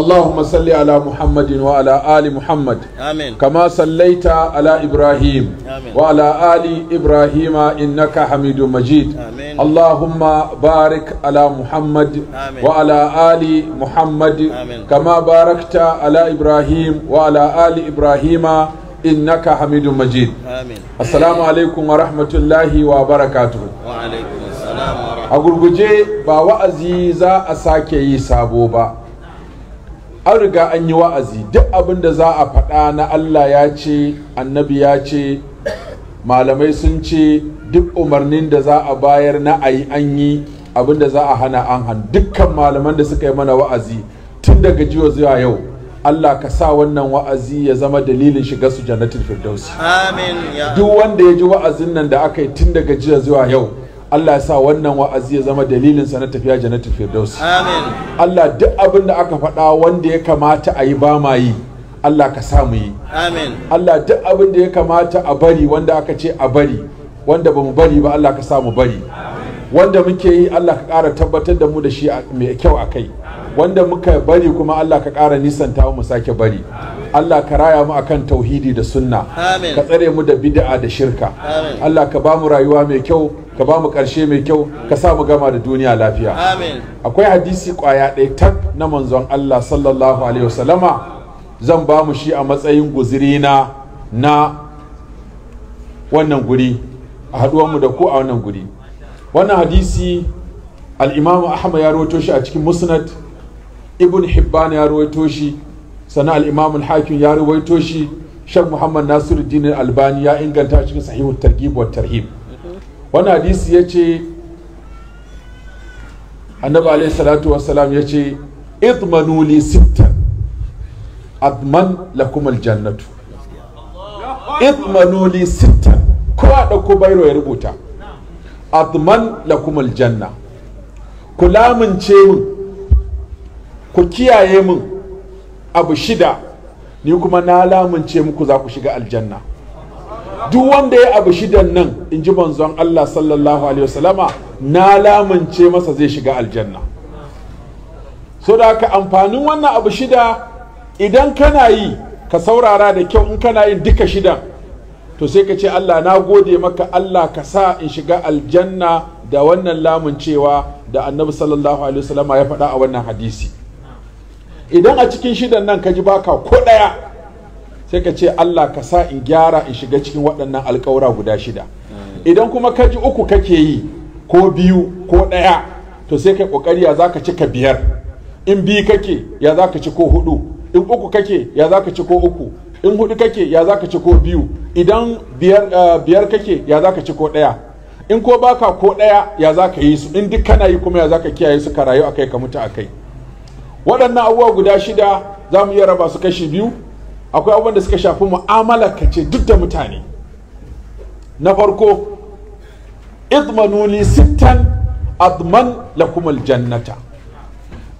اللهم صل على محمد وعلى آل محمد آمين كما صليت على إبراهيم آمين وعلى آل إبراهيم إنك حميد مجيد آمين اللهم بارك على محمد آمين وعلى آل محمد آمين كما باركت على إبراهيم وعلى آل إبراهيم إنك حميد مجيد آمين السلام عليكم ورحمة الله وبركاته وعليكم السلام ورحمة الله أقول بجي با وأزي za a sake yi sabo ba an riga an yi wa'azi duk abin da za a faɗa na Allah ya ce annabi ya ce malamai sun ce duk umarnin da za a bayar na ayi an yi abin da za a hana an han dukkan malaman da suka yi mana wa'azi tun daga jiya zuwa yau Allah ka sa wannan wa'azi ya zama dalilin shiga su jannatin firdausi amin duk wanda ya ji wa'azin nan da aka yi tun daga jiya zuwa yau Allah ya sa wannan wa'azi ya zama dalilin sa na tafiya jannatul firdaus amin Allah duk abin da aka faɗa wanda ya kamata a yi ba ma yi Allah ka sa mu yi amin Allah duk abin da ya kamata a bari wanda aka ce a bari wanda ba mu bari ba Allah ka sa mu bari wanda muke yi Allah ka ƙara tabbatar da mu da shi mai kyau a kai wanda muka bari kuma Allah ka ƙara nisanta mu sake bari Allah ka raya mu akan tauhidi da sunna ka tsare mu da bid'a da shirka Allah ka ba mu rayuwa mai kyau ka ba mu ƙarshe mai kyau ka sa mu gama da duniya lafiya akwai hadisi kwaya ɗaya tak na manzon Allah sallallahu alaihi wasallama zan ba mu shi a matsayin guziri na na wannan guri a haɗuwanmu da ku a wannan guri wannan hadisi al'imamu ahmad ya rawaito shi a cikin musnad ibn hibban ya rawaito shi sannan al'imamu hakim ya rawaito shi shan muhammad nasiruddin albani ya inganta cikin sahihu targhib wa tarhib wani hadisi ya ce annabi alaihi salatu wassalam ya ce idmanu li sittan adman lakum aljannatu idmanu li sittan kowa ɗauko bairo ya rubuta adman lakum aljanna ku lamince mun ku kiyaye mun abu shida ni kuma na lamince muku za ku shiga aljanna duk wanda ya abu shidan nan in ji manzon Allah sallallahu alaihi wasallama na lamance masa zai shiga aljanna so da haka amfanin wannan abu shida idan kana yi ka saurara da kyau in kana yin duka shida, to sai ka ce Allah na gode maka Allah ka sa in shiga aljanna da wannan lamuncewa da annabi sallallahu alaihi wasallama ya faɗa a wannan hadisi idan a cikin shidan nan ka ji baka ko ɗaya sai ka ce Allah ka sa in gyara in shiga cikin waɗannan alƙawura guda shida idan kuma ka ji uku kake yi ko biyu ko ɗaya to sai kai ƙoƙari ya za ka ci ka biyar in biyu kake ya za ka ci ko hudu in uku kake ya za ka ci ko uku in hudu kake ya za ka ci ko biyu idan eh, biyar kake ya za ka ci ko ɗaya in ko baka ko ɗaya ya za ka yi su in duk kana yi kuma ya za ka kiyaye su ka rayu akai ka mutu akai waɗannan abubuwa guda shida za mu iya raba su kashi biyu akwai abubuwan da suka shafi mu'amala ka ce duk da mutane na farko idmanuli sittan adman lakum jannata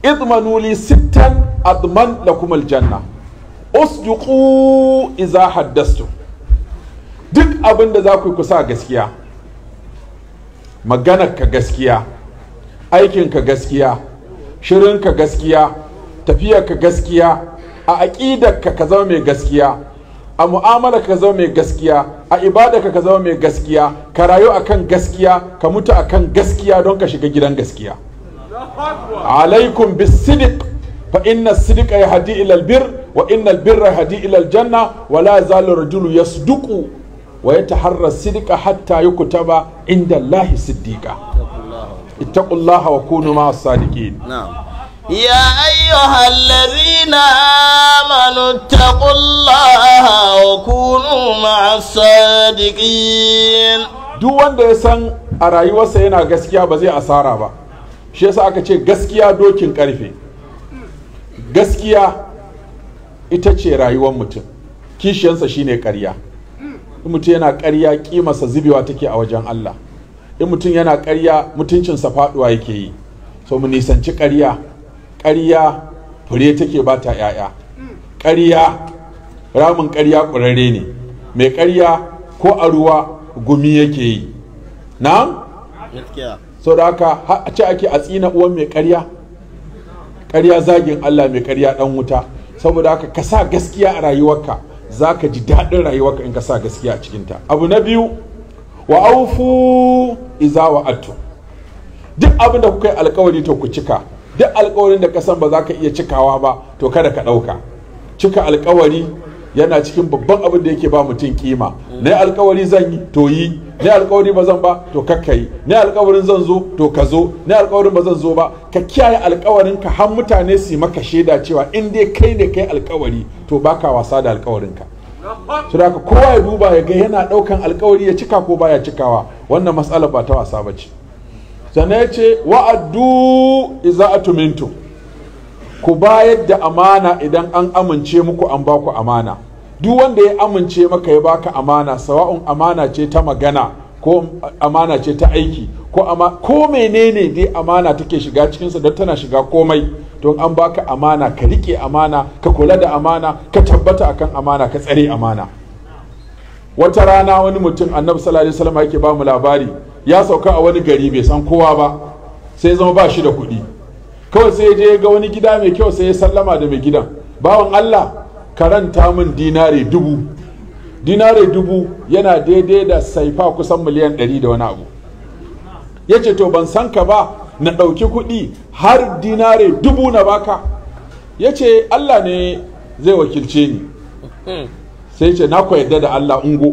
idmanuli sittan adman lakum janna usduqu idza haddastu duk abin da za ku yi kusa gaskiya maganar ka gaskiya aikin ka gaskiya shirin ka gaskiya tafiyar ka gaskiya a aqidarka ka zama mai gaskiya a mu'amala ka zama mai gaskiya a ibadarka ka zama mai gaskiya ka rayu akan gaskiya ka mutu akan gaskiya don ka shiga gidan gaskiya alaikum bisidiq fa inna sidqa yahdi ila albir wa inna albirra yahdi ila aljanna wa la yazalu rajulu yasduqu wa yataharra sidqa hatta yukutaba inda allahi siddiqa ittaqullaha wa kunu ma as-sadiqin na'am يا أيها الذين آمنوا اتقوا الله وكونوا مع الصادقين duk wanda ya san a rayuwarsa yana gaskiya ba zai asara ba shi yasa aka ce gaskiya dokin karfe gaskiya ita ce rayuwar mutum kishiyansa shine karya in mutum yana karya kimarsa zubewa take a wajen Allah in mutum yana karya mutuncinsa faduwa yake yi so mu nisanci karya ƙarya fure take ba ta ‘ya'ya ƙarya ramin ƙarya ƙurare ne mai ƙarya ko a ruwa gumi yake yi na? so da haka a ce ake a tsina uwan mai ƙarya ƙarya zagin Allah mai ƙarya ɗan wuta saboda haka ka sa gaskiya a rayuwarka za ka ji daɗin rayuwarka in ka sa gaskiya a cikinta abu na biyu wa aufu izawa attu duk abin da kuka yi alkawari to ku cika duk alkawarin da kasan ba za ka iya cikawa ba to kada ka ɗauka cika alkawari yana cikin babban abin da yake ba mutum kima na alkawari zan yi to yi na alkawari ba zan ba to kakka yi na alkawarin zan zo to ka zo na alkawarin ba zan zo ba ka kiyaye alkawarin ka har mutane su maka shaida cewa in dai kai ne kai alkawari to baka wasa da alkawarin ka su da kowa ya duba ya ga yana daukan alkawari ya cika ko baya cikawa wannan matsala ba ta wasa ba ce. sannan ya ce wa'addu iza tumintu. ku bayar da amana idan an amince muku an baku amana duk wanda ya amince maka ya baka amana sawa'un amana ce ta magana ko amana ce ta aiki ko ama ko menene dai amana take shiga cikinsa don tana shiga komai don an baka amana ka rike amana ka kula da amana ka tabbata akan amana ka tsare amana wata rana wani mutum annabi sallallahu alaihi wasallam yake ba mu labari ya sauka a wani gari bai san kowa ba sai zama ba shi da kuɗi kawai sai je ga wani gida mai kyau sai ya sallama da mai gidan bawan allah karanta min dinare dubu dinare dubu yana daidai da saifa kusan miliyan ɗari da wani abu ya ce to ban san ka ba na ɗauki kuɗi har dinare dubu na baka ya ce allah ne zai wakilce ni hmm. sai ce na ku yadda da allah ungo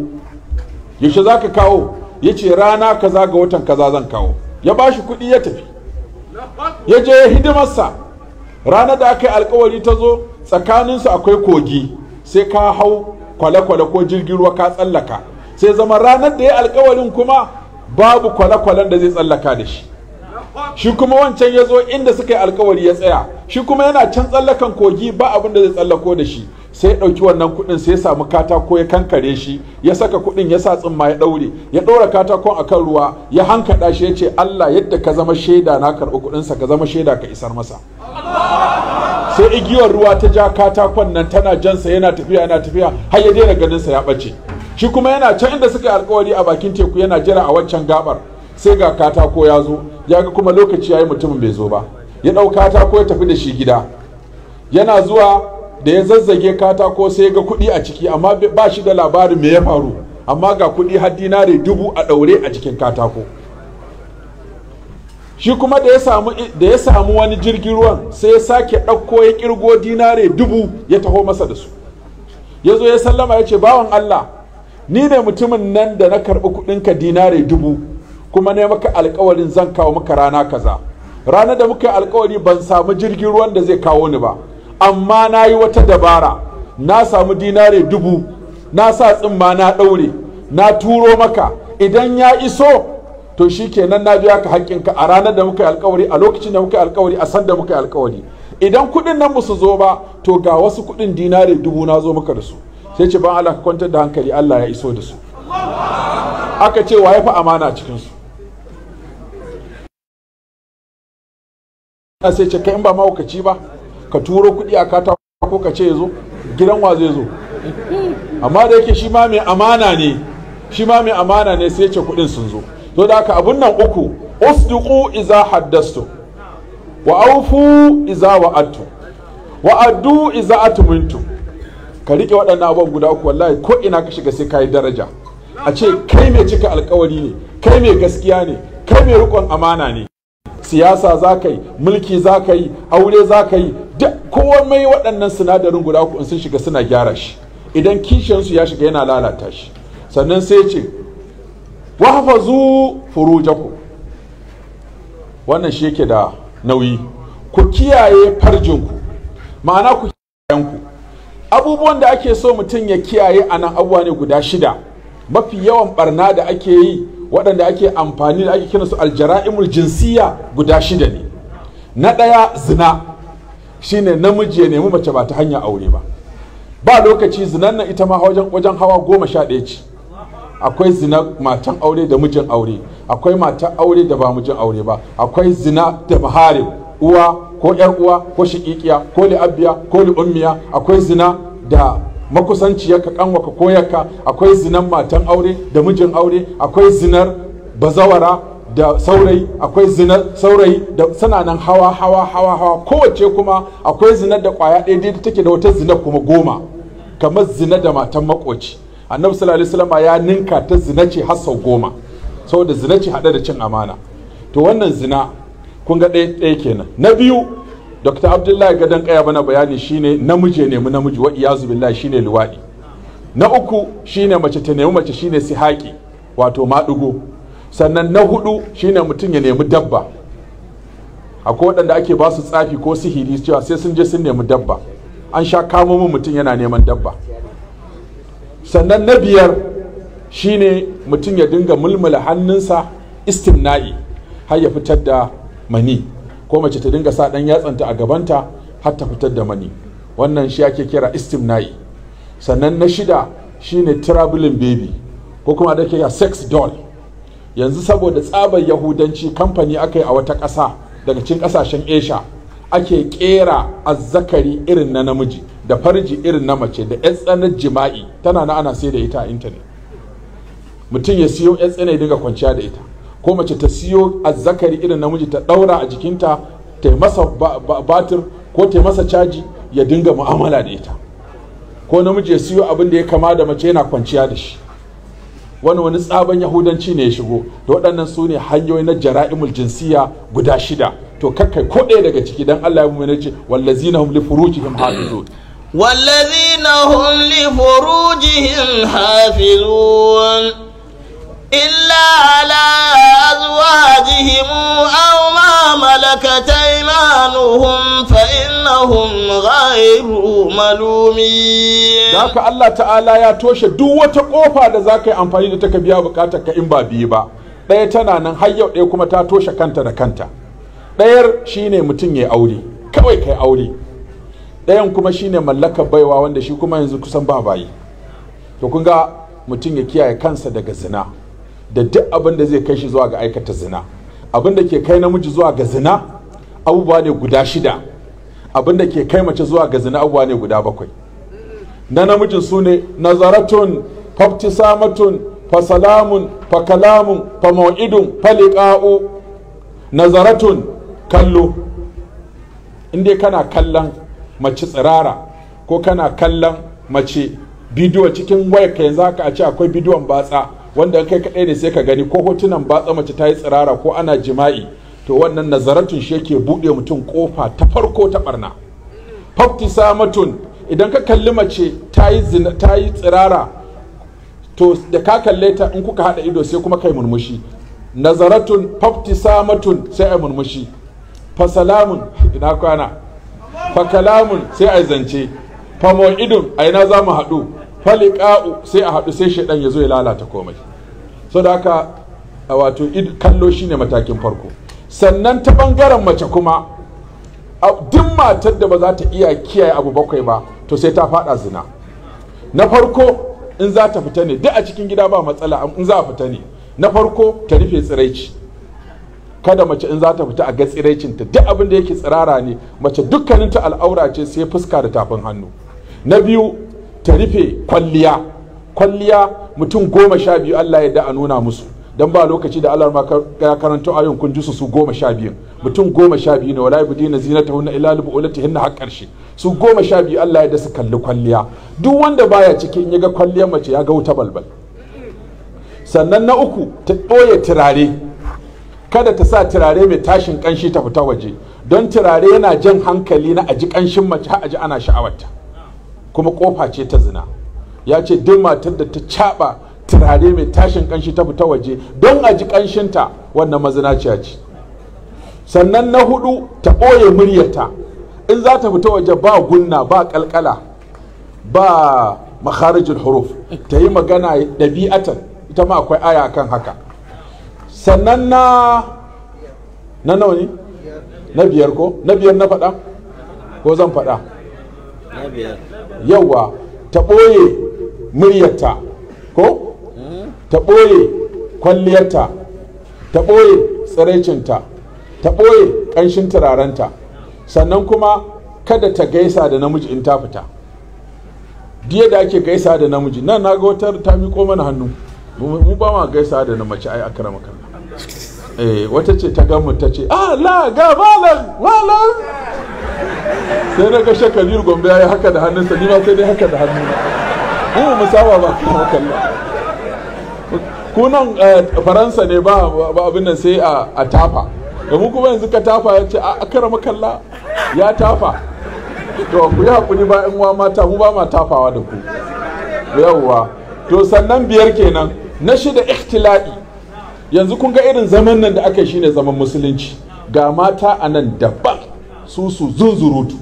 yaushe za ka kawo ya ce rana kaza ga watan kaza zan kawo ya ba shi kuɗi ya tafi ya je ya hidimarsa rana da aka yi alkawari ta zo tsakaninsu akwai kogi sai ka hau kwale-kwale ko jirgin ruwa ka tsallaka sai zama ranar da ya alkawarin kuma babu kwale-kwalen da zai tsallaka da shi shi kuma wancan ya zo inda suka yi alkawari ya tsaya shi kuma yana can tsallakan kogi ba abin da zai tsallako da shi sai ya ɗauki wannan kuɗin sai ya samu katako ya kankare shi ya saka kuɗin ya sa tsimma ya ɗaure ya ɗora katakon a kan ruwa ya hankaɗa shi ya ce Allah yadda ka zama shaida na karɓi kuɗinsa ka zama shaida ka isar masa sai igiyar ruwa ta ja katakon nan tana jansa yana tafiya yana tafiya har ya daina ganinsa ya ɓace shi kuma yana can inda suka yi alkawari a bakin teku yana jira a waccan gabar sai ga katako ya zo ya ga kuma lokaci ya yi mutumin bai zo ba ya ɗau katako ya tafi da shi gida yana zuwa da ya zazzage katako sai ga kuɗi a ciki amma ba shi da labarin me ya faru amma ga kuɗi har dinare dubu a ɗaure a cikin katako shi kuma da ya samu wani jirgin ruwan sai ya sake ɗauko ya kirgo dinare dubu ya taho masa da su ya zo ya sallama ya ce bawan Allah ni ne mutumin nan da na karɓi kuɗinka dinare dubu kuma ne maka alkawarin zan kawo maka rana kaza ranar da muka yi alkawari ban samu jirgin ruwan da zai kawo ni ba amma na yi wata dabara na samu dinare dubu na sa tsimma na ɗaure na turo maka idan ya iso to shi kenan na biya ka haƙƙinka a ranar da muka yi alkawari a lokacin da muka yi alkawari a san da muka yi alkawari idan kuɗin nan musu zo ba to ga wasu kuɗin dinare dubu na zo maka da su sai ce ban Allah ka kwantar da hankali Allah ya iso da su aka ce wa ya fi amana a cikinsu sai ce kai in ba mahaukaci ba ka turo kuɗi a katako, ko ka ce ya zo gidan wa zai zo amma da yake shi ma mai amana ne shi ma mai amana ne sai ce kuɗin sun zo to da haka abun nan uku usduqu iza haddastu wa awfu iza wa'adtu wa addu iza atmintu ka rike waɗannan abubuwan guda uku wallahi ko ina ka shiga sai yi daraja a ce kai mai cika alkawari ne kai mai gaskiya ne kai mai rikon amana ne siyasa za ka yi mulki za ka yi aure za ka yi komai waɗannan sinadarin guda uku sun shiga suna gyara shi idan kishiyansu ya shiga yana lalata shi sannan sai ce wahfazu furujakum wannan shi yake da nauyi ku kiyaye farjinku ma'ana ku kiyayenku abubuwan da ake so mutum ya kiyaye a nan abuwa ne guda shida mafi yawan barna da ake yi waɗanda ake amfani da ake kiran su aljara'imul jinsiya guda shida ne na ɗaya zina shine namiji ya nemi mace ba ta hanyar aure ba ba lokaci zinan na ita ma wajen hawa goma sha ɗaya ce akwai zina matan aure da mijin aure akwai matan aure da ba mijin aure ba akwai zina da bahari uwa ko yar uwa ko shiƙiƙiya ko li'abbiya ko li'ummiya akwai zina da makusanciyarka kanwaka ko yakka akwai zinan matan aure da mijin aure akwai zinar bazawara da saurayi akwai zina saurayi da suna nan hawa hawa hawa hawa kowace kuma akwai zina da kwaya ɗaya da take da wata zina kuma goma kamar zina da matan makoci annabi sallallahu alaihi wasallam ya ninka ta zina ce har sau goma saboda zina ce hada da cin amana to wannan zina kun ga ɗaya ɗaya kenan na biyu dr abdullahi gadon kaya bana bayani shine namiji nemi namiji wa iyazu billahi shine luwaɗi na uku shine mace ta nemi mace shine sihaki wato maɗigo. sannan na hudu shine mutum ya nemi dabba akwai waɗanda ake ba su tsafi ko sihiri cewa sai sun je sun nemi dabba an sha kamo min mutum yana neman dabba sannan na biyar shine mutum ya dinga mulmula hannunsa istimna'i har ya fitar da mani ko mace ta dinga sa ɗan yatsanta a gabanta har ta fitar da mani wannan shi ake kira istimna'i sannan na shida shine traveling baby ko kuma da ke sex doll yanzu saboda tsabar yahudanci kamfani aka yi a wata ƙasa daga cikin ƙasashen esha ake ƙera azzakari irin na namiji da farji irin na mace da yan tsanar jima'i tana na ana sai da ita a intanet mutum ya siyo yan tsanar daga kwanciya da ita ko mace ta siyo azzakari irin namiji ta ɗaura a jikinta ta yi masa batir ko ta yi masa caji ya dinga mu'amala da ita ko namiji ya siyo abin da ya kama da mace yana kwanciya da shi wani wani tsaban yahudanci ne ya shigo da waɗannan su ne hanyoyi na jara'imul jinsiya guda shida to kakkai ko ɗaya daga ciki dan Allah ya mu ne ce wallazina hum li furujihim hafizun wallazina hum li furujihim hafizun إلا على أزواجهم أو ما ملكت أيمانهم فإنهم غير ملومين ذاك الله تعالى يا توشي دو وتقوفا دا ذاك أمفاني دا تكبيا بكاتك إمبا بيبا ɗaya tana nan har yau ɗaya kuma ta toshe kanta da kanta ɗayar shine mutum ya aure kawai kai aure ɗayan kuma shine mallakar baiwa wanda shi kuma yanzu kusan ba bayi to kun ga mutum ya kiyaye kansa daga zina da duk abin da zai kai shi zuwa ga aikata zina abin da ke kai namiji zuwa ga zina abubuwa ne guda shida abin da ke kai mace zuwa ga zina abubuwa ne guda bakwai na namijin su ne nazaratun faftisamatun fasalamun fakalamun fama'idun faliƙa'u nazaratun kallo inda kana kallon mace tsirara ko kana kallon mace bidiyo cikin wayarka yanzu haka a ce akwai bidiyon batsa wanda kai kaɗai ne sai ka gani ko hotunan batsa mace ta yi tsirara ko ana jima'i to wannan nazaratun shi yake buɗe mutum kofa ta farko ta barna fafti samatun idan ka kalli mace ta yi tsirara to da ka kalle ta in kuka haɗa ido sai kuma kai murmushi nazaratun fafti samatun sai ai murmushi fasalamun ina kwana fakalamun sai ai zance famo'idun a ina za mu haɗu falikau sai a haɗu sai shaɗan ya zo ya lalata komai so da haka wato kallo shine matakin farko sannan ta ɓangaren mace kuma duk matar da ba za ta iya kiyaye abu bakwai ba to sai ta faɗa zina na farko in za ta fita ne duk a cikin gida ba matsala in za a fita ne na farko ta rufe tsiraici kada mace in za ta fita a ga tsiraicinta duk abin da yake tsirara ne mace dukkaninta al'aura ce sai fuska da tafin hannu na biyu ta rufe kwalliya kwalliya mutum goma sha biyu Allah ya da a nuna musu don ba lokaci da Allah ya karanto ayon kun ji su su goma sha biyu mutum goma sha biyu ne wallahi budina zinatahunna illa li bu'ulatihinna har karshe su goma sha biyu Allah ya da su kalli kwalliya duk wanda baya cikin ya ga kwalliyar mace ya ga wuta balbal sannan na uku ta ɗoye turare kada ta sa turare mai tashin kanshi ta fita waje don turare yana jan hankali na aji kanshin mace har aji ana sha'awarta kuma kofa ce ta zina ya ce duk matar da ta caba turare mai tashin kanshi ta fita waje don a ji kanshinta wannan mazinaciya ce sannan na hudu ta ɓoye muryata in za ta fita waje ba gunna ba kalkala ba makharijul huruf ta yi magana ɗabi'atan ita ma akwai aya kan haka sannan na na nawa ne na biyar ko na biyar na faɗa ko zan faɗa na biyar yauwa ta ɓoye muryarta ko ta ɓoye kwalliyarta ta ɓoye tsiraicinta ta ɓoye ƙanshin turarenta sannan kuma kada ta gaisa da namiji in ta fita diya da ake gaisa da namiji nan na ga wata ta koma mana hannu mu ba ma gaisa da na mace ai akara kalla. eh wata ce ta gamu ta ce ah la ga malam malam sai na ga shakabir gombe ya yi haka da hannunsa ni ma sai dai haka da hannuna mu mu saba ba kuma kallon kunan eh, faransa ne ba abin nan sai a tafa da mu kuma yanzu ka tafa ya ce a kara makalla ya tafa to ku yi hakuri ba in mata mu ba ma tafawa da ku yawwa to sannan biyar kenan na shida ikhtila'i yanzu kun ga irin zaman nan da aka shine zaman musulunci ga mata a nan daban su su zunzurutu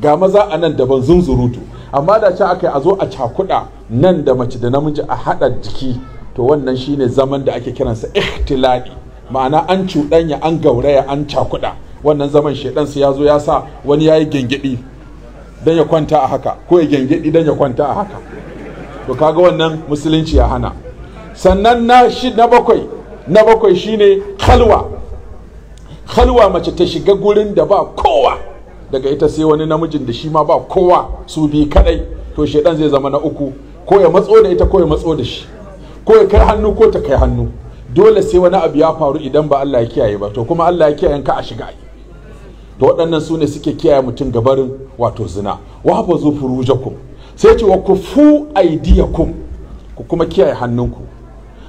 ga maza a nan daban zunzurutu amma da ce aka yi a zo a cakuɗa nan da mace da namiji a haɗa jiki to wannan shine zaman da ake kiransa ihtilali ma'ana an cuɗanya an gauraya an cakuɗa wannan zaman shaidan su ya zo ya sa wani ya yi gyangyaɗi don ya kwanta a haka ko ya gyangyaɗi don ya kwanta a haka to kaga wannan musulunci ya hana sannan na shi na bakwai na bakwai shine khalwa. halwa mace ta shiga gurin da ba kowa daga ita sai wani namijin da shi ma ba kowa su bi kadai to shedan zai zama na uku ko ya matso da ita ko ya matso da shi ko ya kai hannu ko ta kai hannu dole sai wani abu ya faru idan ba Allah ya kiyaye ba to kuma Allah ya kiyaye ka a shiga to waɗannan su ne suke kiyaye mutum gabarin wato zina wa hafa zu furujakum sai ce wa kufu aidiyakum ku kuma kiyaye hannunku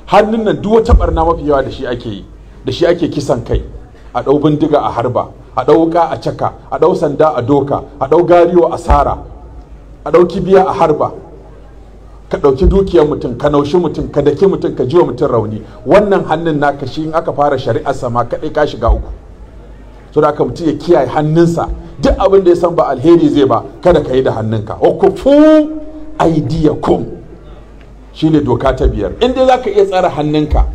hannun nan duk wata barna mafi yawa da shi ake yi da shi ake kisan kai a ɗau bindiga a harba a ɗau wuka a caka a ɗau sanda a doka a ɗau gariyo a sara a ɗau kibiya a harba ka ɗauki dukiyar mutum ka naushi mutum ka daki mutum ka jiwa mutum rauni wannan hannun naka shi in aka fara shari'ar sama kaɗai ka shiga uku so da aka mutum ya kiyaye hannunsa duk abin da ya san ba alheri zai ba kada ka yi da hannunka wa fu aidiyakum ne doka ta biyar in dai ka iya tsara hannunka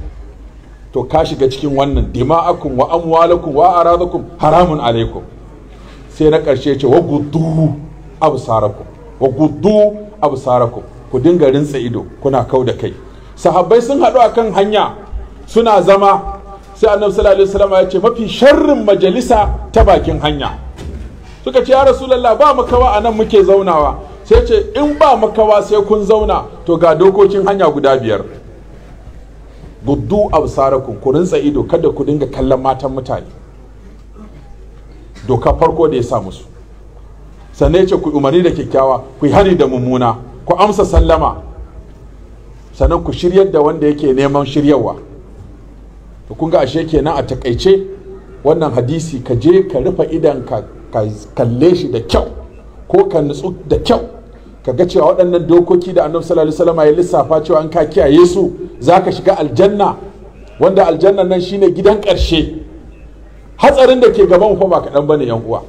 to ka shiga cikin wannan dima'akum wa amwalakum wa aradakum haramun alaikum sai na ƙarshe ce wa guddu absarakum wa guddu absarakum ku dinga rintsa ido kuna kau da kai sahabbai sun haɗu akan hanya suna zama sai annabi sallallahu alaihi wasallam ya ce mafi sharrin majalisa ta bakin hanya suka ce ya rasulullah ba makawa anan muke zaunawa sai ce in ba makawa sai kun zauna to ga dokokin hanya guda biyar guddu absarakum ku rinsa ido kada ku dinga kallon matan mutane doka farko da ya sa musu sannan ce ku umarni da kyakkyawa ku yi hari da mummuna ku amsa sallama sannan ku shiryar da wanda yake neman shiryarwa to kun ga ashe kenan a takaice wannan hadisi ka je ka rufe idan ka kalle shi da kyau ko ka nutsu da kyau Ka ga cewa waɗannan dokoki da annabi sallallahu alaihi wasallam ya lissafa cewa an ka kiyaye su zaka shiga aljanna wanda aljanna nan shine gidan ƙarshe hatsarin da ke gaban fa ba kaɗan bane yan uwa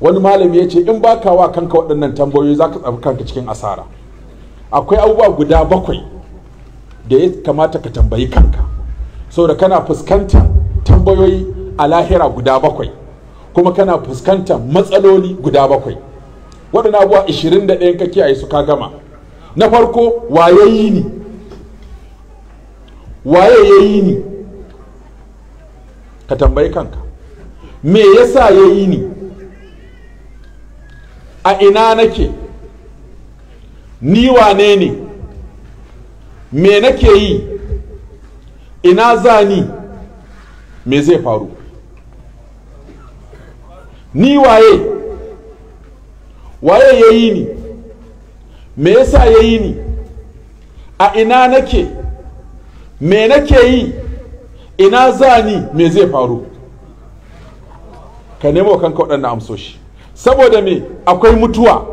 wani malami ya ce in baka wa kanka waɗannan tambayoyi zaka tsafi kanka cikin asara akwai abubuwa guda bakwai da ya kamata ka tambayi kanka saboda kana fuskanta tambayoyi a lahira guda bakwai kuma kana fuskanta matsaloli guda bakwai waɗanda abuwa 21 ka kiyaye su ka gama na farko waye yi ni waye ya yi ni ka tambayi kanka me yasa ya yi ni a ina nake ni wane ne me nake yi ina za ni me zai faru ni waye waye ya yi ni me yasa ya yi ni a ina nake me nake yi ina za ni me zai faru ka nemo kanka waɗannan amsoshi saboda me akwai mutuwa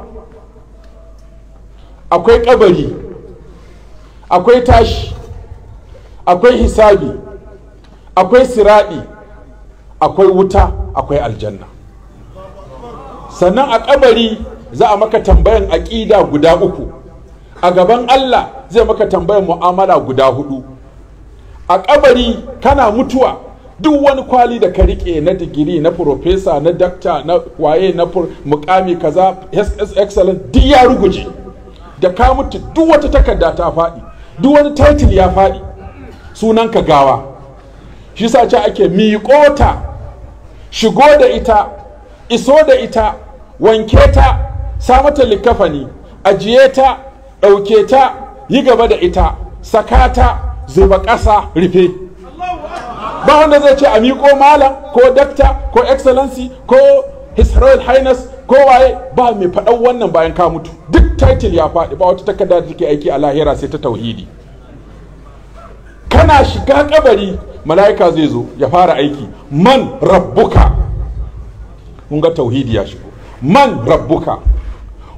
akwai ƙabari, akwai tashi akwai hisabi akwai siraɗi akwai wuta akwai aljanna sannan a ƙabari. za a maka tambayan aƙida guda uku a gaban Allah zai maka tambayan mu'amala guda hudu a ƙabari kana mutuwa duk wani kwali da ka riƙe na digiri na profesa na dakta na waye na mukami kaza ss excellent duk ya ruguje da ka mutu duk wata takarda ta faɗi duk wani title ya faɗi sunan ka gawa shi sa ce ake miƙota shigo da ita iso da ita wanke ta Samata mata likafani ajiye ta ɗauke ta yi gaba da ita sakata, zuba ƙasa rufe ba wanda zai ce a ko malam ko dakta ko excellency ko his royal highness ko waye ba mai faɗan wannan bayan ka mutu duk title ya faɗi ba wata takarda da take aiki a lahira sai ta tauhidi kana shiga kabari mala'ika zai zo ya fara aiki man rabbuka mun ga tauhidi ya shigo man rabbuka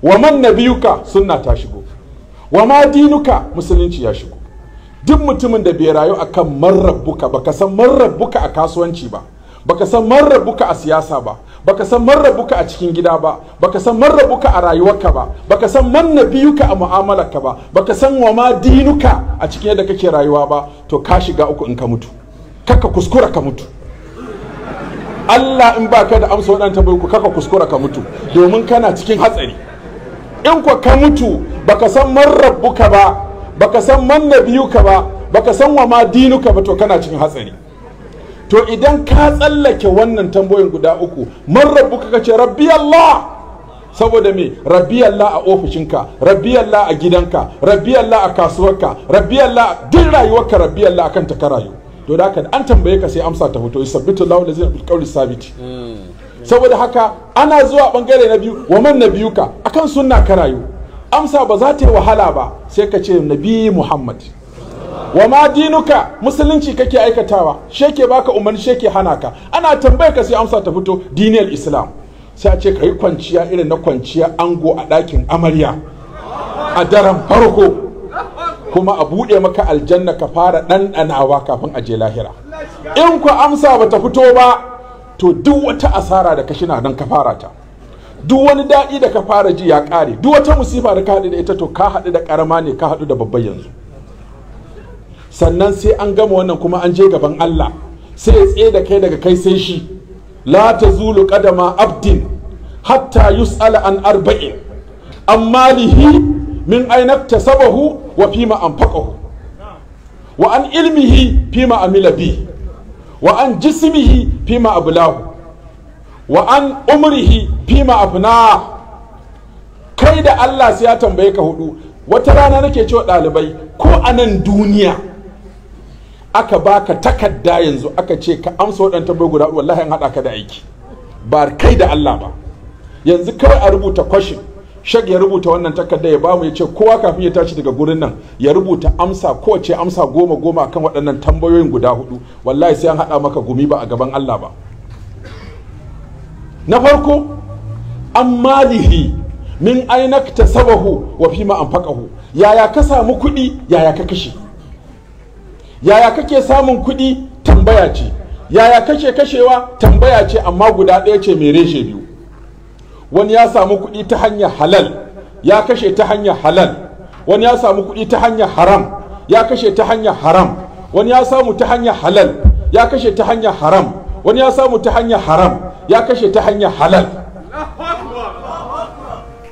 wa man nabiyuka sunna ta shigo wa ma dinuka musulunci ya shigo duk mutumin da bai rayu akan marrabuka baka san marrabbuka a kasuwanci ba baka san marrabbuka a siyasa ba baka san marrabuka a cikin gida ba baka san marrabuka a rayuwarka ba baka san nabiyuka a mu'amalarka ba baka san wa ma dinuka a cikin yadda kake rayuwa ba to ka shiga uku in ka mutu kaka kuskura ka mutu Allah in baka da amsa waɗannan tambayoyi kaka kuskura ka mutu domin kana cikin hatsari in kwa ka mutu baka san man rabbuka ba baka san man nabiyuka ba baka san wa ma dinuka ba to kana cikin hatsari to idan ka tsallake wannan tambayoyin guda uku man rabbuka kace rabbi Allah saboda me rabbi Allah a ofishinka rabbi Allah a gidanka rabbi Allah a kasuwarka rabbi Allah duk rayuwarka rabbi Allah akan ta ka rayu to da an tambaye ka sai amsa ta fito yusabbitu lahu lazina bil qawli sabiti hmm. saboda haka ana zuwa bangare na biyu wa man ka akan sunna ka rayu amsa ba za ta yi wahala ba sai ka ce nabi muhammad wa ma dinuka musulunci kake aikatawa sheke baka umarni sheke hana ka ana tambayar ka sai amsa ta fito diniyar islam sai a ce ka yi kwanciya irin na kwanciya ango a ɗakin amarya a daren farko kuma a buɗe maka aljanna ka fara ɗanɗanawa kafin a je lahira in ku amsa ba ta fito ba to duk wata asara da ka shina don ka fara ta duk wani daɗi da ka fara ji ya ƙare duk wata musifa da ka haɗu da ita to ka haɗu da ƙarama ne ka haɗu da babban yanzu sannan sai an gama wannan kuma an je gaban Allah sai ya tsaye da kai daga kai sai shi la ta zulu kadama abdin hatta yus'ala an arba'in an min aina sabahu wa fima anfaqahu wa an ilmihi fima amila bihi wa an jismihi fima ablahu wa an umrihi fima afna kai da Allah sai ya tambaye ka hudu wata rana nake cewa ɗalibai ko a nan duniya aka baka takarda yanzu aka ce ka amsa waɗanta tambayi guda wallahi an haɗa ka da aiki ba kai da Allah ba yanzu kawai a rubuta kwashin shag ya rubuta wannan takarda ya bamu ya ce kowa kafin ya tashi daga gurin nan ya rubuta amsa kowace amsa goma goma kan waɗannan tambayoyin guda hudu wallahi sai an haɗa maka gumi ba a gaban Allah ba na farko an malihi min ainak ta sabahu wa fi ma anfaqahu yaya ka samu kuɗi yaya ka kashe yaya kake samun kuɗi tambaya ce yaya kake kashewa tambaya ce amma guda ɗaya ce mai reshe biyu wani ya samu kuɗi ta hanyar halal ya kashe ta hanyar halal wani ya samu kuɗi ta hanyar haram ya kashe ta hanyar haram wani ya samu ta hanyar halal ya kashe ta hanyar haram wani ya samu ta hanyar haram ya kashe ta hanyar halal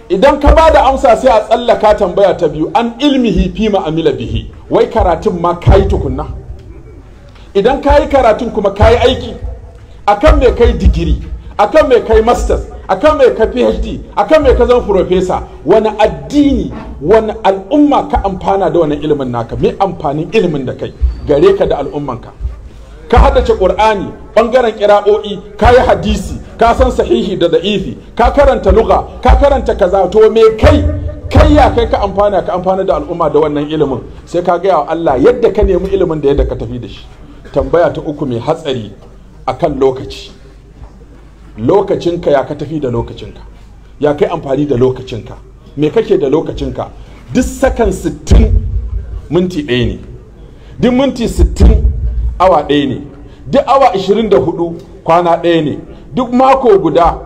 idan ka ba da amsa sai a tsallaka tambaya ta biyu an ilmihi fi ma'amila bihi wai karatun ma yi tukunna idan kayi karatun kuma kayi aiki akan mai kai digiri akan mai kai masters akan mai ka phd akan mai ka zama profesa wani addini wani al'umma ka amfana da wani ilimin naka mai amfanin ilimin da kai gare ka da al'ummanka ka haddace qur'ani bangaren kira'o'i ka yi hadisi ka san sahihi da da'ifi ka karanta luga ka karanta kaza to me kai kai ya kai ka amfana ka amfana da al'umma da wannan ilimin sai ka gaya wa Allah yadda ka nemi ilimin da yadda ka tafi da shi tambaya ta uku mai hatsari akan lokaci lokacinka ya ka tafi da lokacinka ya kai amfani da lokacinka me kake da lokacinka duk sakan 60 minti ɗaya ne duk minti 60 awa ɗaya ne duk awa 24 kwana ɗaya ne duk mako guda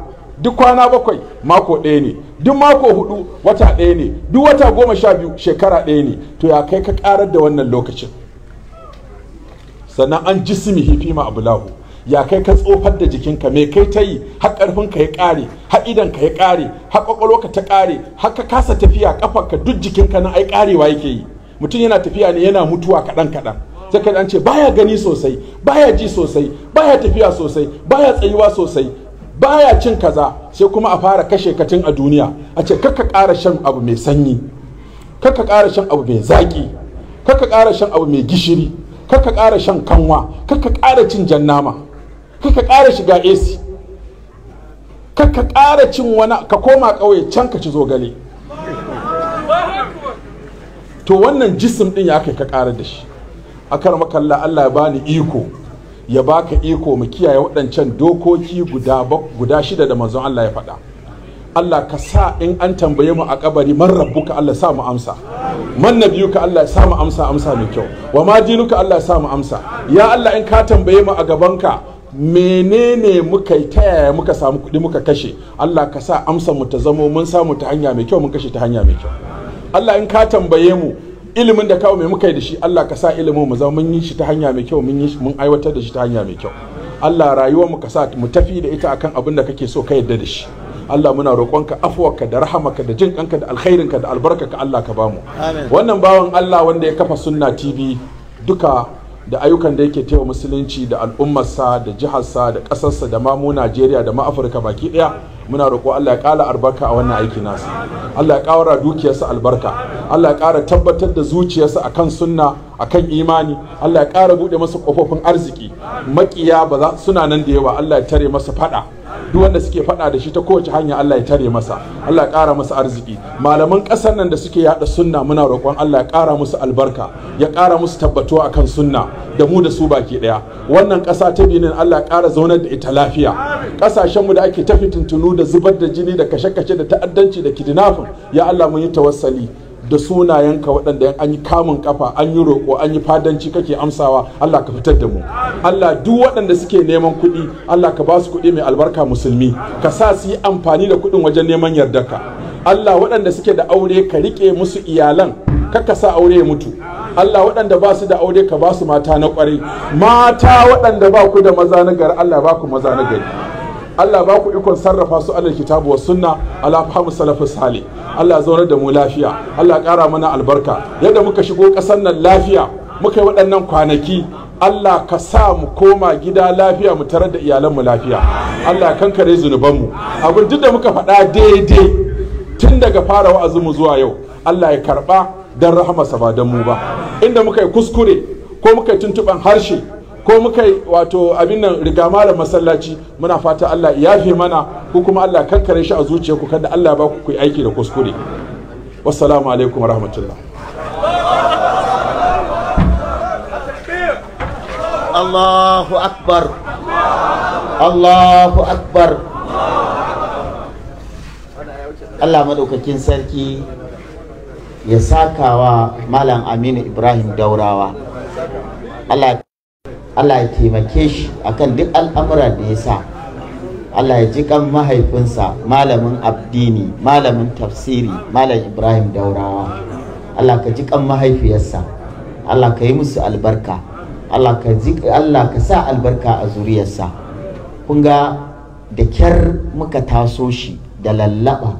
duk kwana bakwai mako ɗaya ne duk mako hudu wata ɗaya ne duk wata goma sha biyu shekara ɗaya ne to ya kai ka ƙarar da wannan lokacin sannan an jisimi hifima abu lahu ya kai ka tsofar da jikinka me kai ta yi har ƙarfinka ya ƙare har idanka ya ƙare har ka ta ƙare har ka kasa tafiya ƙafarka duk jikinka na ai ƙarewa yake yi mutum yana tafiya ne yana mutuwa kaɗan kaɗan sai ka an ce baya gani sosai baya ji sosai baya tafiya sosai baya tsayuwa sosai baya cin kaza sai kuma a fara kashe ka katin a duniya a ce kakka ƙara shan abu mai sanyi kakka ƙara shan abu mai zaƙi kakka ƙara shan abu mai gishiri kakka ƙara shan kanwa kakka ƙara cin jan nama kaka ƙara shiga AC kaka ƙara cin wani ka koma ƙauye can ka ci zogale to wannan jisim ɗin ya kai ka ƙara da shi a kar makalla Allah ya bani iko ya baka iko mu kiyaye waɗancan dokoki guda shida da manzon Allah ya faɗa Allah ka sa in an tambaye mu a kabari man rabbuka Allah sa mu amsa man nabiyuka Allah sa mu amsa amsa mai kyau wa ma dinuka Allah sa mu amsa ya Allah in ka tambaye mu a gabanka menene muka ta yaya muka samu kuɗi muka kashe Allah ka sa amsa mu ta zamo mun samu ta hanya mai kyau mun kashe ta hanya mai kyau Allah in ka tambaye mu ilimin da kawo mai muka yi da shi Allah ka sa ilimin mu zama mun yi shi ta hanya mai kyau mun yi mun aiwatar da shi ta hanya mai kyau Allah rayuwar mu ka sa mu tafi da ita akan abin da kake so ka yarda da shi Allah muna roƙonka afuwarka da rahamaka da jin kanka da alkhairinka da albarkaka Allah ka bamu wannan bawan Allah wanda ya kafa sunna TV duka da ayyukan da yake taiwa musulunci da al'ummarsa da jiharsa da ƙasarsa da mamu najeriya da ma afirka baki ɗaya muna roƙo allah ya ƙala albarka a wannan aiki nasa allah ya ƙawara dukiyarsa albarka allah ya ƙara tabbatar da zuciyarsa akan sunna akan imani allah ya ƙara buɗe masa kofofin arziki maƙiya ba suna nan da yawa allah ya tare masa faɗa duk wanda suke faɗa da shi ta kowace hanya Allah ya tare masa Allah ya ƙara masa arziki malaman ƙasar nan da suke yaɗa sunna muna roƙon Allah ya ƙara musu albarka ya ƙara musu tabbatuwa akan sunna da mu da su baki ɗaya wannan ƙasa ta Benin Allah ya ƙara zaunar da ita lafiya mu da ake tafi tunu da zubar da jini da kashe-kashe da ta'addanci da kidnapping ya Allah mun yi tawassali da sunayenka waɗanda an yi kamun kafa an yi roƙo an yi fadanci kake amsawa Allah ka fitar da mu Allah duk waɗanda suke neman kuɗi Allah ka ba su kuɗi mai albarka musulmi ka sa su yi amfani da kuɗin wajen neman yardarka Allah waɗanda suke da aure ka riƙe musu iyalan ka sa aure ya mutu Allah waɗanda ba su da aure ka ba su mata na ƙwarai mata waɗanda ba ku da maza na gari Allah ba ku maza na gari Allah ba ku ikon sarrafa su alal kitabu wa sunna ala fahimu salafus sale Allah zaunar da mu lafiya Allah ƙara mana albarka yadda muka shigo ƙasar nan lafiya muka yi waɗannan kwanaki Allah ka sa mu koma gida lafiya mu tarar da mu lafiya Allah kankare mu. abin duk da muka faɗa daidai tun daga fara wa'azinmu zuwa yau Allah ya karɓa don rahamarsa ba don mu ba inda muka yi kuskure ko muka yi tuntuɓen harshe ko muka yi wato abin nan rigama da masallaci muna fata Allah ya fi mana ko kuma Allah kankare shi a zuciya ku kada Allah ba ku yi aiki da kuskure wassalamu alaikum wa rahmatullah Allahu akbar Allahu akbar Allah madaukakin sarki ya sakawa malam Aminu Ibrahim Daurawa Allah Allah ya taimake shi akan duk al'amura da ya sa Allah ya ji kan mahaifinsa malamin abdini malamin tafsiri malam Ibrahim Daurawa Allah ka ji kan mahaifiyarsa Allah ka yi musu albarka Allah ka ji Allah ka sa albarka a zuriyarsa kun ga da kyar muka taso shi da lallaba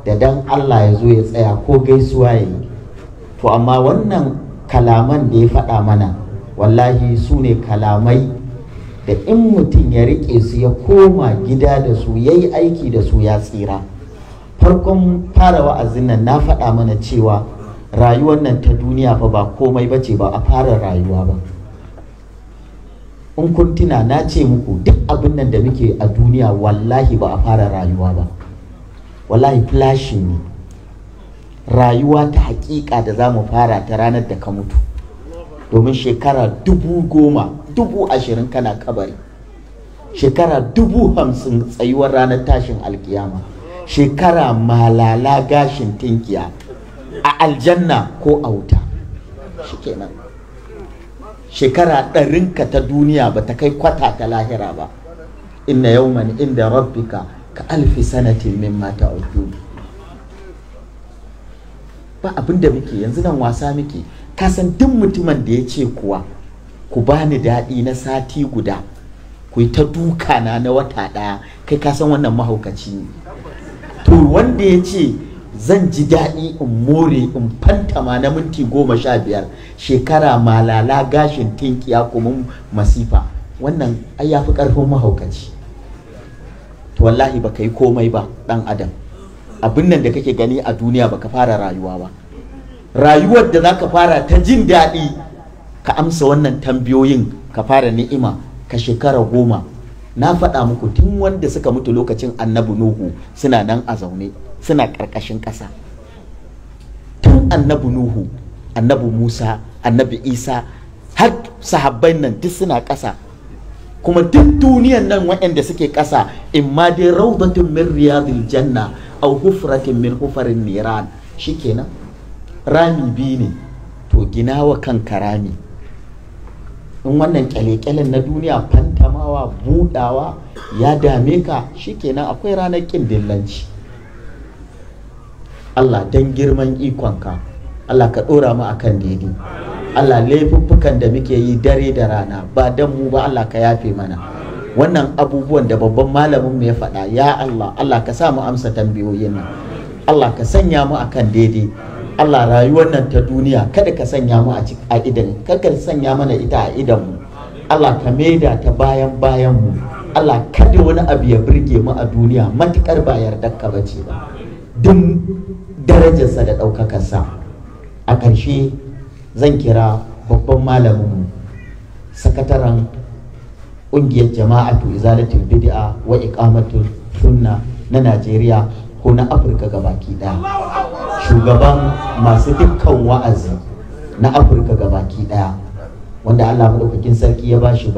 da dan Allah ya zo ya tsaya ko gaisuwa yayi to amma wannan kalaman da ya faɗa mana wallahi su ne kalamai da in mutum ya riƙe su ya koma gida da su ya yi aiki da su ya tsira farkon fara wa'azin nan na faɗa mana cewa rayuwar nan ta duniya fa ba komai ba ce ba a fara rayuwa ba in kun na ce muku duk abin nan da muke a duniya wallahi ba a fara rayuwa ba wallahi flashin ne rayuwa ta hakika da za mu fara ta ranar da ka mutu domin shekara dubu goma dubu ashirin kana kabari shekara dubu hamsin tsayuwar ranar tashin alkiyama shekara malala gashin tinkiya a aljanna ko a wuta shikenan shekara ɗarinka ta duniya ba ta kai kwata ta lahira ba inna yawman inda rabbika ka alfi sanatin min mata ba abinda muke yanzu nan wasa muke kasan san duk mutumin da ya ce kuwa ku bani daɗi na sati guda ku yi ta duka na na wata ɗaya kai kasan wannan mahaukaci ne to wanda ya ce zan ji daɗi in more in fanta ma na minti goma sha biyar shekara malala gashin tinkiya kuma masifa wannan ai ya fi ƙarfin mahaukaci to wallahi baka yi komai ba ɗan adam abin nan da kake gani a duniya baka fara rayuwa ba rayuwar da za ka fara ta jin daɗi ka amsa wannan tambayoyin ka fara ni'ima ka shekara goma na faɗa muku tun wanda suka mutu lokacin annabi nuhu suna nan a zaune suna ƙarƙashin ƙasa tun annabi nuhu annabi musa annabi isa har sahabbai nan duk suna ƙasa kuma duk duniyan nan waɗanda suke ƙasa in ma dai raudatun min riyadil janna a hufratin min hufarin niran shikenan rami biyu ne to gina wa kanka rami in wannan kyale-kyalen na duniya fantamawa budawa ya dame ka shikenan akwai ranar ƙin dillanci Allah don girman ikonka Allah ka ɗora mu akan daidai Allah laifuffukan da muke yi dare da rana ba don mu ba Allah ka yafe mana wannan abubuwan da babban malamin mu ya faɗa ya Allah Allah ka sa mu amsa tambayoyin nan Allah ka sanya mu akan daidai Allah rayuwar nan ta duniya kada ka sanya mu a idan kada ka sanya mana ita a idan mu Allah ka maida ta bayan bayan mu Allah kada wani abu ya burge mu a duniya matukar ba yarda ka bace ba duk darajarsa da sa a ƙarshe zan kira babban malamin mu sakataren ƙungiyar jama'atu izalatul bid'a wa iqamatul sunna na Najeriya ko na afirka gabaki daya shugaban masu dukkan wa'azi na afirka gabaki daya wanda allah madaukakin sarki ya ba shi